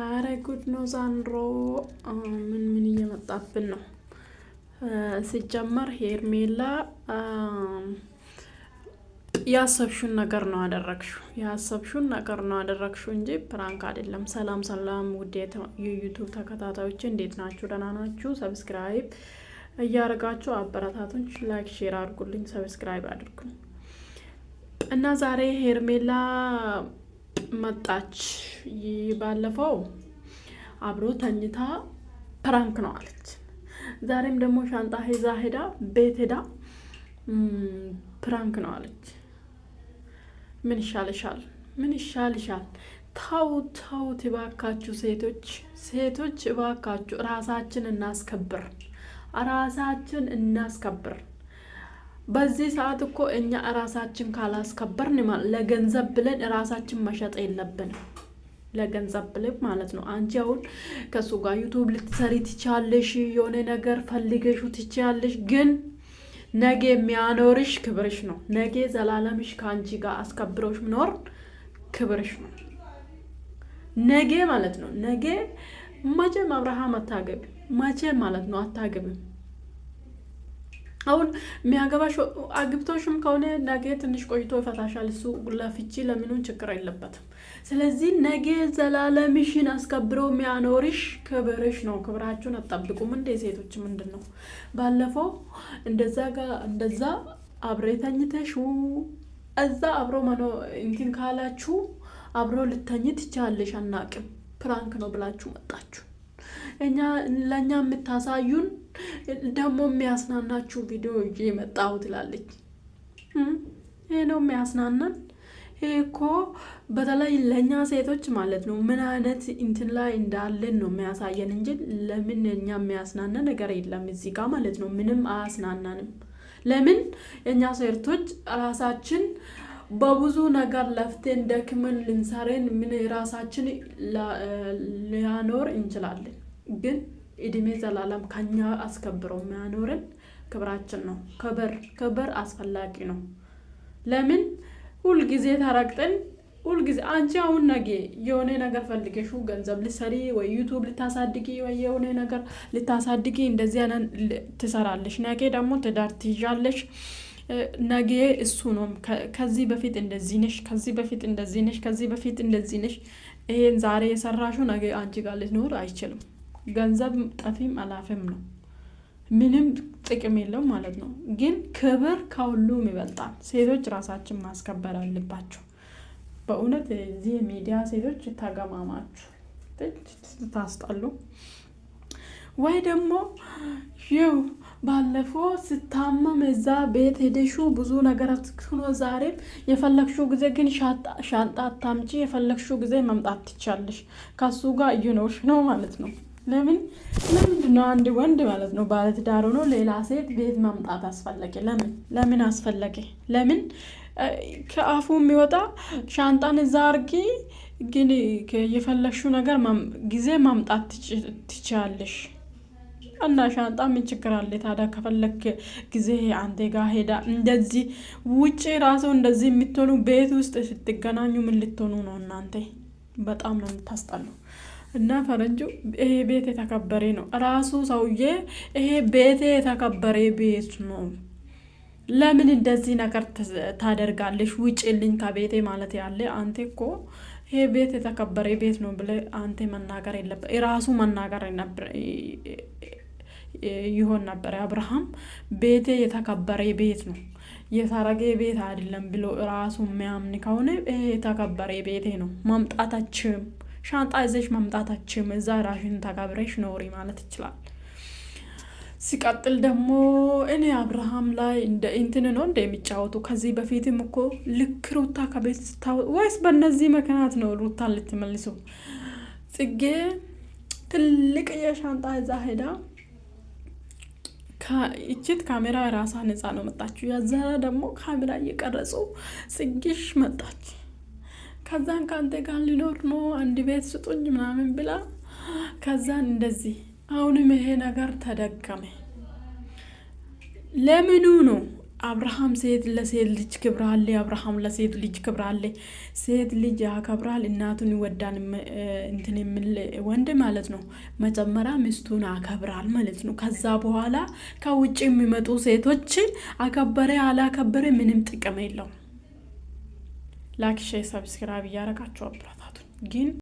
አረ ጉድ ነው ዛንድሮ ምን ምን እየመጣብን ነው? ሲጀመር ሄርሜላ ያሰብሹን ነገር ነው አደረግሹ። ያሰብሹን ነገር ነው አደረግሹ እንጂ ፕራንክ አይደለም። ሰላም ሰላም፣ ውድ የዩቱብ ተከታታዮች እንዴት ናችሁ? ደህና ናችሁ? ሰብስክራይብ እያደረጋችሁ አበረታቶች፣ ላይክ ሼር አድርጉልኝ፣ ሰብስክራይብ አድርጉ እና ዛሬ ሄርሜላ መጣች። ባለፈው አብሮ ተኝታ ፕራንክ ነው አለች። ዛሬም ደግሞ ሻንጣ ሄዛ ሄዳ ቤት ሄዳ ፕራንክ ነው አለች። ምን ይሻልሻል? ምን ይሻልሻል? ተው ተውት፣ እባካችሁ ሴቶች ሴቶች፣ እባካችሁ ራሳችን እናስከብር፣ ራሳችን እናስከብር። በዚህ ሰዓት እኮ እኛ እራሳችን ካላስከበርን ለገንዘብ ብለን እራሳችን መሸጥ የለብንም። ለገንዘብ ብለን ማለት ነው። አንቺ አሁን ከእሱ ጋር ዩቱብ ልትሰሪ ትችያለሽ፣ የሆነ ነገር ፈልገሹ ትችያለሽ። ግን ነገ የሚያኖርሽ ክብርሽ ነው። ነገ ዘላለምሽ ከአንቺ ጋር አስከብሮሽ ምኖር ክብርሽ ነው። ነገ ማለት ነው። ነገ መቼም አብርሃም አታገቢ መቼም ማለት ነው አታገብም አሁን የሚያገባሽ አግብቶሽም ከሆነ ነገ ትንሽ ቆይቶ ይፈታሻል። እሱ ለፍቺ ለምኑን ችግር የለበትም። ስለዚህ ነገ ዘላለምሽን አስከብሮ የሚያኖርሽ ክብርሽ ነው። ክብራችሁን አጠብቁም እንደ ሴቶች ምንድን ነው ባለፈው እንደዛ ጋር እንደዛ አብሬ ተኝተሽ እዛ አብሮ መኖ እንትን ካላችሁ አብሮ ልተኝ ትቻለሽ። አናቅም ፕራንክ ነው ብላችሁ መጣችሁ። እኛ ለእኛ የምታሳዩን ደግሞ የሚያስናናችሁ ቪዲዮ እ መጣሁ ትላለች። ይሄ ነው የሚያስናናን። ይሄ እኮ በተለይ ለእኛ ሴቶች ማለት ነው ምን አይነት እንትን ላይ እንዳለን ነው የሚያሳየን እንጂ ለምን እኛ የሚያስናና ነገር የለም እዚህ ጋር ማለት ነው። ምንም አያስናናንም። ለምን የእኛ ሴቶች ራሳችን በብዙ ነገር ለፍቴን ደክመን ልንሰሬን ምን ራሳችን ሊያኖር እንችላለን ግን እድሜ ዘላለም ከኛ አስከብረው የሚያኖርን ክብራችን ነው። ክብር ክብር አስፈላጊ ነው። ለምን ሁልጊዜ ተረግጠን ሁልጊዜ አንቺ አሁን ነገ የሆነ ነገር ፈልገሹ ገንዘብ ልሰሪ ወይ ዩቱብ ልታሳድጊ ወይ የሆነ ነገር ልታሳድጊ እንደዚህ ትሰራለሽ። ነገ ደግሞ ትዳር ትይዣለሽ። ነገ እሱ ነው ከዚህ በፊት እንደዚህ ነሽ፣ ከዚህ በፊት እንደዚህ ነሽ፣ ከዚህ በፊት እንደዚህ ነሽ። ይሄን ዛሬ የሰራሹ ነገ አንቺ ጋር ልትኖር አይችልም። ገንዘብ ጠፊም አላፊም ነው፣ ምንም ጥቅም የለው ማለት ነው። ግን ክብር ከሁሉም ይበልጣል። ሴቶች ራሳችን ማስከበር አለባቸው። በእውነት እዚህ የሚዲያ ሴቶች ተገማማችሁ ታስጣሉ። ወይ ደግሞ ይው ባለፈው ስታመም እዛ ቤት ሄደሹ ብዙ ነገር አትክኖ ዛሬም የፈለግሹ ጊዜ ግን ሻንጣ አታምጪ፣ የፈለግሹ ጊዜ መምጣት ትቻለሽ። ከሱ ጋር እየኖርሽ ነው ማለት ነው። ለምን ለምንድን ነው አንድ ወንድ ማለት ነው ባለትዳር ሆኖ ሌላ ሴት ቤት ማምጣት አስፈለገ? ለምን ለምን አስፈለገ? ለምን ከአፉ የሚወጣ ሻንጣን እዛ አርጊ፣ ግን የፈለግሽው ነገር ጊዜ ማምጣት ትችያለሽ። እና ሻንጣ ምን ችግር አለ ታዲያ? ከፈለግ ጊዜ አንቴ ጋ ሄዳ እንደዚህ ውጭ ራሱ እንደዚህ የምትሆኑ ቤት ውስጥ ስትገናኙ ምን ልትሆኑ ነው እናንተ? በጣም ነው የምታስጠሉ። እና ፈረንጁ ይሄ ቤት የተከበረ ነው። ራሱ ሰውዬ ይሄ ቤቴ የተከበረ ቤት ነው፣ ለምን እንደዚህ ነገር ታደርጋለሽ? ውጭልኝ ከቤቴ ማለት ያለ አንቴ እኮ ይሄ ቤት የተከበረ ቤት ነው ብለ አንቴ መናገር የለበት የራሱ መናገር ይሆን ነበር። አብርሃም ቤቴ የተከበረ ቤት ነው የሰረጌ ቤት አይደለም ብሎ ራሱ የሚያምን ከሆነ ይሄ የተከበረ ቤቴ ነው መምጣታችም ሻንጣ ይዘሽ መምጣታችም እዛ ራሽን ተጋብረሽ ኖሪ ማለት ይችላል። ሲቀጥል ደግሞ እኔ አብርሃም ላይ እንደ እንትን ነው እንደ የሚጫወቱ ከዚህ በፊትም እኮ ልክ ሩታ ከቤት ስታወጥ ወይስ በእነዚህ ምክንያት ነው ሩታን ልትመልሱ? ጽጌ ትልቅ የሻንጣ እዛ ሄዳ ይችት ካሜራ የራሳ ነፃ ነው መጣችሁ። ያዘ ደግሞ ካሜራ እየቀረጹ ጽጌሽ መጣች። ከዛን ከአንተ ጋር ሊኖር ነው አንድ ቤት ስጡኝ ምናምን ብላ ከዛን እንደዚህ አሁንም ይሄ ነገር ተደቀመ ለምኑ ነው አብርሃም ሴት ለሴት ልጅ ክብራለ አብርሃም ለሴት ልጅ ክብራለ ሴት ልጅ ያከብራል እናቱን ይወዳን እንትን የሚል ወንድ ማለት ነው። መጀመሪያ ሚስቱን አከብራል ማለት ነው። ከዛ በኋላ ከውጭ የሚመጡ ሴቶች አከበረ አላከበረ ምንም ጥቅም የለውም። ላክሼ ሰብስክራይብ እያረጋችሁ አበረታቱን ግን